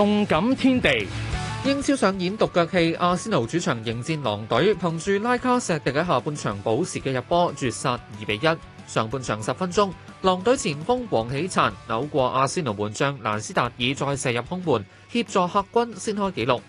動感天地，英超上演獨腳戲，阿仙奴主場迎戰狼隊，憑住拉卡錫迪喺下半場補時嘅入波絕殺2比1。上半場十分鐘，狼隊前鋒黃喜燦扭過阿仙奴門將蘭斯達爾，再射入空門，協助客軍先開紀錄。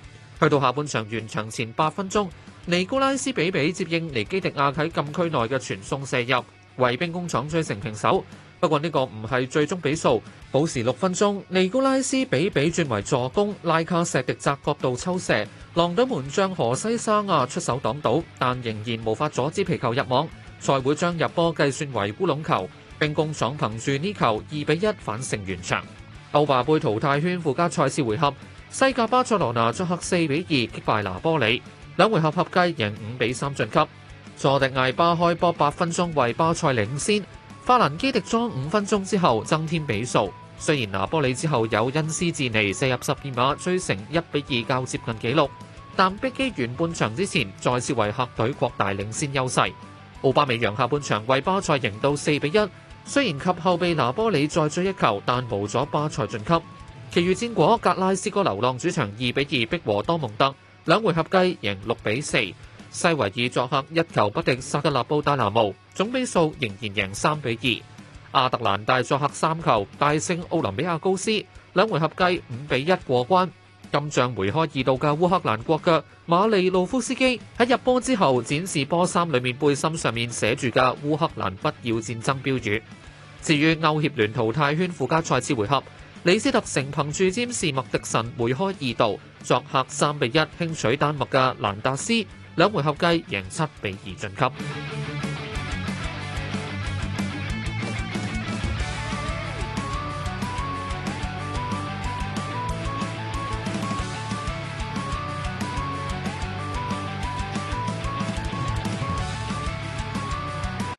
去到下半場完場前八分鐘，尼高拉斯比比接應尼基迪亞喺禁區內嘅傳送射入，為兵工廠追成平手。不過呢個唔係最終比數，補時六分鐘，尼高拉斯比比轉為助攻，拉卡錫迪窄角度抽射，狼隊門將荷西沙亞出手擋到，但仍然無法阻止皮球入網，賽會將入波計算為烏龍球，兵工廠憑住呢球二比一反勝完場。歐霸杯淘汰圈附加賽次回合，西甲巴塞羅那作客四比二擊敗拿波里，兩回合合計贏五比三晉級。佐迪艾巴開波八分鐘為巴塞領先。巴蘭基迪莊五分鐘之後增添比數，雖然拿波里之後有恩斯治尼射入十二碼追成一比二較接近紀錄，但逼機完半場之前再次為客隊擴大領先優勢。奧巴美揚下半場為巴塞贏到四比一，雖然及後被拿波里再追一球，但無咗巴塞晉級。其餘戰果，格拉斯哥流浪主場二比二逼和多蒙特，兩回合計贏六比四。西維爾作客一球不敵，薩格勒布丹拿姆，總比數仍然贏三比二。亞特蘭大作客三球大勝奧林比亞高斯，兩回合計五比一過關。今仗梅開二度嘅烏克蘭國腳馬利路夫斯基喺入波之後，展示波衫裏面背心上面寫住嘅烏克蘭不要戰爭標語。至於歐協聯淘汰圈附加賽次回合，李斯特城憑住占士麥迪臣梅開二度，作客三比一輕取丹麥嘅蘭達斯。兩回合計贏七比二晉級。